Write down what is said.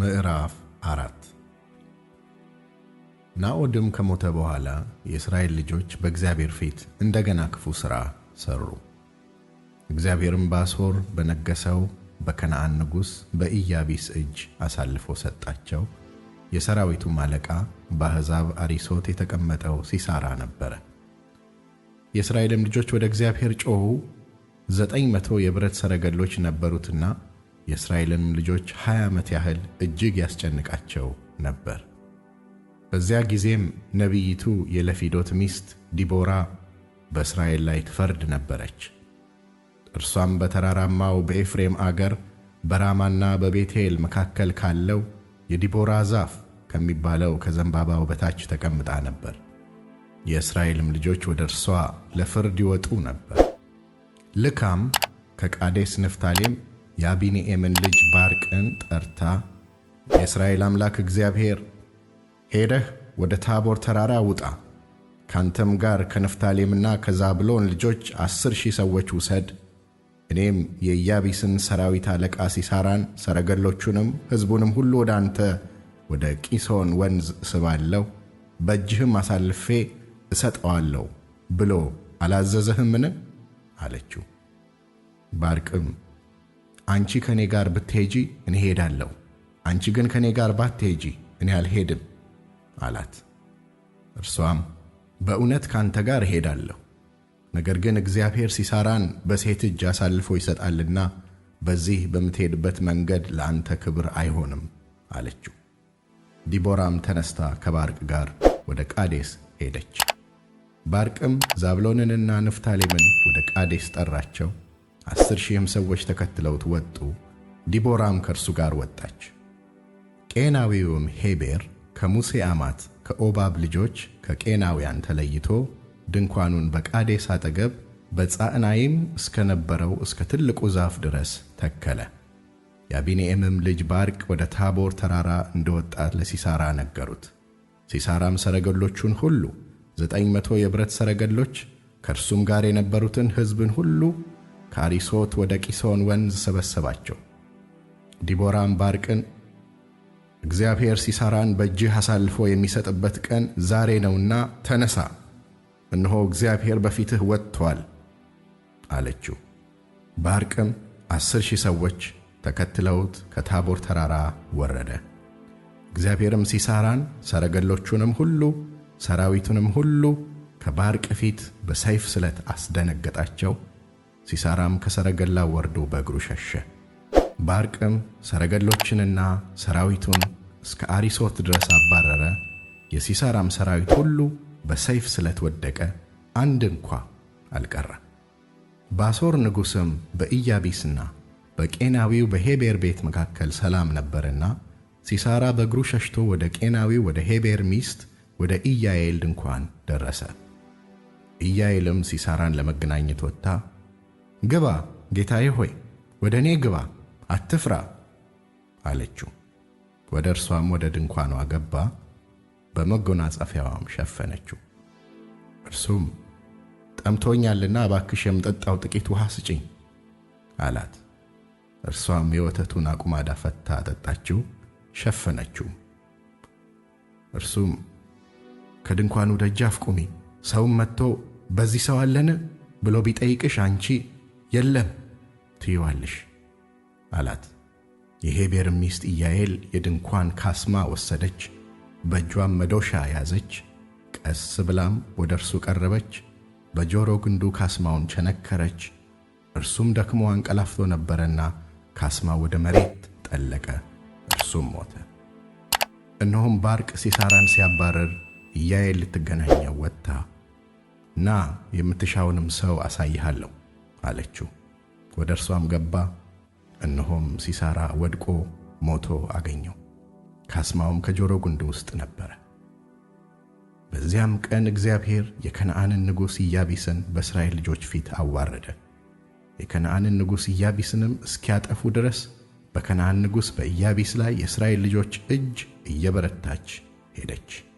ምዕራፍ አራት ናዖድም ከሞተ በኋላ የእስራኤል ልጆች በእግዚአብሔር ፊት እንደገና ክፉ ሥራ ሠሩ። እግዚአብሔርም በአሦር በነገሠው በከነዓን ንጉሥ በኢያቢስ እጅ አሳልፎ ሰጣቸው። የሰራዊቱ አለቃ በአሕዛብ አሪሶት የተቀመጠው ሲሳራ ነበረ። የእስራኤልም ልጆች ወደ እግዚአብሔር ጮኹ። ዘጠኝ መቶ የብረት ሰረገሎች ነበሩትና የእስራኤልን ልጆች 20 ዓመት ያህል እጅግ ያስጨንቃቸው ነበር። በዚያ ጊዜም ነቢይቱ የለፊዶት ሚስት ዲቦራ በእስራኤል ላይ ትፈርድ ነበረች። እርሷም በተራራማው በኤፍሬም አገር በራማና በቤቴል መካከል ካለው የዲቦራ ዛፍ ከሚባለው ከዘንባባው በታች ተቀምጣ ነበር። የእስራኤልም ልጆች ወደ እርሷ ለፍርድ ይወጡ ነበር። ልካም ከቃዴስ ንፍታሌም የአቢኒኤምን ልጅ ባርቅን ጠርታ የእስራኤል አምላክ እግዚአብሔር ሄደህ ወደ ታቦር ተራራ ውጣ፣ ካንተም ጋር ከንፍታሌምና ከዛብሎን ልጆች አስር ሺህ ሰዎች ውሰድ፣ እኔም የኢያቢስን ሰራዊት አለቃ ሲሳራን፣ ሰረገሎቹንም ሕዝቡንም ሁሉ ወደ አንተ ወደ ቂሶን ወንዝ እስባለሁ፣ በእጅህም አሳልፌ እሰጠዋለሁ ብሎ አላዘዘህምን? አለችው። ባርቅም አንቺ ከእኔ ጋር ብትሄጂ እኔ ሄዳለሁ፣ አንቺ ግን ከእኔ ጋር ባትሄጂ እኔ አልሄድም አላት። እርሷም በእውነት ካንተ ጋር እሄዳለሁ፣ ነገር ግን እግዚአብሔር ሲሳራን በሴት እጅ አሳልፎ ይሰጣልና በዚህ በምትሄድበት መንገድ ለአንተ ክብር አይሆንም አለችው። ዲቦራም ተነስታ ከባርቅ ጋር ወደ ቃዴስ ሄደች። ባርቅም ዛብሎንንና ንፍታሌምን ወደ ቃዴስ ጠራቸው። አስር ሺህም ሰዎች ተከትለውት ወጡ። ዲቦራም ከእርሱ ጋር ወጣች። ቄናዊውም ሄቤር ከሙሴ አማት ከኦባብ ልጆች ከቄናውያን ተለይቶ ድንኳኑን በቃዴስ አጠገብ በጻዕናይም እስከ ነበረው እስከ ትልቁ ዛፍ ድረስ ተከለ። የአቢኒኤምም ልጅ ባርቅ ወደ ታቦር ተራራ እንደወጣ ለሲሳራ ነገሩት። ሲሳራም ሰረገሎቹን ሁሉ ዘጠኝ መቶ የብረት ሰረገሎች ከእርሱም ጋር የነበሩትን ሕዝብን ሁሉ ከአሪሶት ወደ ቂሶን ወንዝ ሰበሰባቸው። ዲቦራም ባርቅን እግዚአብሔር ሲሳራን በእጅህ አሳልፎ የሚሰጥበት ቀን ዛሬ ነውና ተነሳ፣ እነሆ እግዚአብሔር በፊትህ ወጥቶአል አለችው። ባርቅም አስር ሺህ ሰዎች ተከትለውት ከታቦር ተራራ ወረደ። እግዚአብሔርም ሲሳራን ሰረገሎቹንም ሁሉ ሰራዊቱንም ሁሉ ከባርቅ ፊት በሰይፍ ስለት አስደነገጣቸው። ሲሳራም ከሰረገላ ወርዶ በእግሩ ሸሸ። ባርቅም ሰረገሎችንና ሰራዊቱን እስከ አሪሶት ድረስ አባረረ። የሲሳራም ሰራዊት ሁሉ በሰይፍ ስለተወደቀ አንድ እንኳ አልቀረ። ባሶር ንጉሥም በኢያቢስና በቄናዊው በሄቤር ቤት መካከል ሰላም ነበርና ሲሳራ በእግሩ ሸሽቶ ወደ ቄናዊው ወደ ሄቤር ሚስት ወደ ኢያኤል ድንኳን ደረሰ። ኢያኤልም ሲሳራን ለመገናኘት ወጥታ ግባ ጌታዬ ሆይ ወደ እኔ ግባ አትፍራ አለችው። ወደ እርሷም ወደ ድንኳኗ ገባ፣ በመጎናጸፊያዋም ሸፈነችው። እርሱም ጠምቶኛልና እባክሽ የምጠጣው ጥቂት ውሃ ስጭኝ አላት። እርሷም የወተቱን አቁማዳ ፈታ አጠጣችው፣ ሸፈነችው። እርሱም ከድንኳኑ ደጃፍ ቁሚ፣ ሰውም መጥቶ በዚህ ሰው አለን ብሎ ቢጠይቅሽ አንቺ የለም ትይዋለሽ አላት። የሄቤር ሚስት ኢያኤል የድንኳን ካስማ ወሰደች፣ በእጇም መዶሻ ያዘች። ቀስ ብላም ወደ እርሱ ቀረበች፣ በጆሮ ግንዱ ካስማውን ቸነከረች። እርሱም ደክሞ አንቀላፍቶ ነበረና ካስማ ወደ መሬት ጠለቀ፣ እርሱም ሞተ። እነሆም ባርቅ ሲሳራን ሲያባረር ኢያኤል ልትገናኘው ወጥታ፣ ና የምትሻውንም ሰው አሳይሃለሁ አለችው። ወደ እርሷም ገባ፣ እነሆም ሲሳራ ወድቆ ሞቶ አገኘው። ካስማውም ከጆሮ ጉንድ ውስጥ ነበረ። በዚያም ቀን እግዚአብሔር የከነዓንን ንጉሥ ኢያቢስን በእስራኤል ልጆች ፊት አዋረደ። የከነዓንን ንጉሥ ኢያቢስንም እስኪያጠፉ ድረስ በከነዓን ንጉሥ በኢያቢስ ላይ የእስራኤል ልጆች እጅ እየበረታች ሄደች።